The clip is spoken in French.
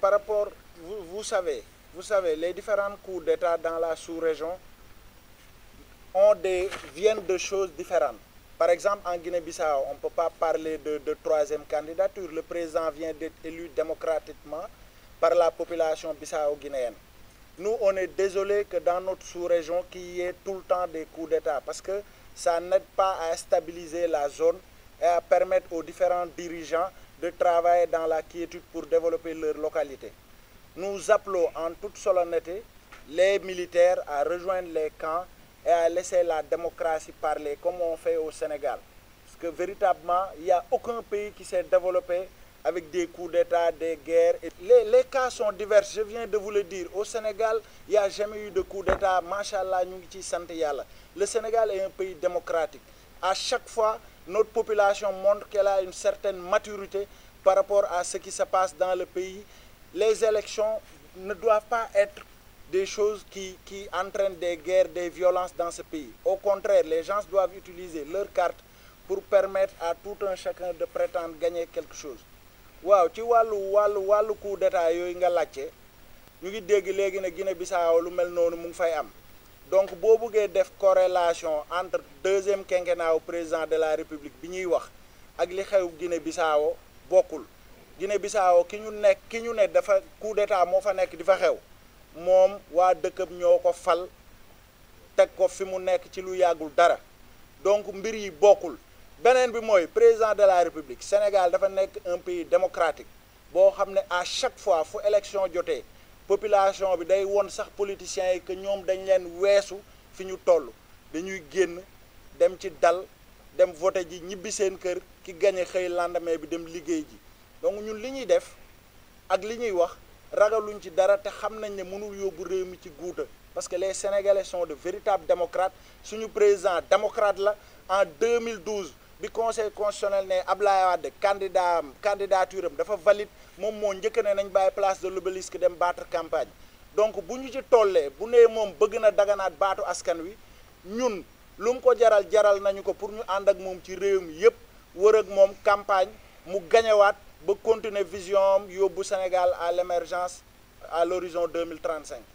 par rapport, vous, savez, vous savez, les différents coups d'État dans la sous-région viennent de choses différentes. Par exemple, en Guinée-Bissau, on ne peut pas parler de, troisième candidature. Le président vient d'être élu démocratiquement par la population bissau-guinéenne. Nous, on est désolé que dans notre sous-région, qu'il y ait tout le temps des coups d'État, parce que ça n'aide pas à stabiliser la zone et à permettre aux différents dirigeants de travailler dans la quiétude pour développer leur localité. Nous appelons en toute solennité les militaires à rejoindre les camps et à laisser la démocratie parler comme on fait au Sénégal. Parce que véritablement, il n'y a aucun pays qui s'est développé avec des coups d'État, des guerres. Les, les, cas sont divers, je viens de vous le dire. Au Sénégal, il n'y a jamais eu de coup d'État. Machallah, Le Sénégal est un pays démocratique. À chaque fois, notre population montre qu'elle a une certaine maturité par rapport à ce qui se passe dans le pays. Les élections ne doivent pas être des choses qui, entraînent des guerres, des violences dans ce pays. Au contraire, les gens doivent utiliser leur carte pour permettre à tout un chacun de prétendre gagner quelque chose. waaw donc boo bëggee def corrélation entre deuxième quinquennat président de la république bi ñuy wax ak li xew Guinée Bissau Bokul. Guinée Bissau ki ñu nek ki ñu nek dafa coup d'état mo fa nek di fa xew mom wa dëkkam ñoko fal tek ko fi mu nek ci lu yàggul dara donc mbir yi bokul benen bi moy président de la république Sénégal dafa nek un pays démocratique bo xamné à chaque fois fu élection jotee population bi day won sax politiciens yi que ñoom dañ leen wessu fiñu tollu dañuy genn dem ci dal dem voter ji ñibi seen kër ki gagné xey lendemain bi dem liggéey ji donc ñun li ñuy def ak li ñuy wax ragaluñ ci dara te xam nañ ne mënul yóbbu réew mi ci guuta parce que les sénégalais sont de véritables démocrates suñu président démocrate la en 2012 bi conseil constitutionnel ne Ablaye Wade candidat am candidature am dafa valide moom moo njëkk ne nañ bàyyi place de l'obélisque dem battre campagne donc bu ñu ci tollee bu nee moom bëgg na daganaat baatu askan wi ñun lu mu ko jaral jaral nañu ko pour ñu ànd ak moom ci réew mi yëpp wër ak moom campagne mu gañewaat ba continuer vision am yóbbu Sénégal à l'émergence à l'horizon 2035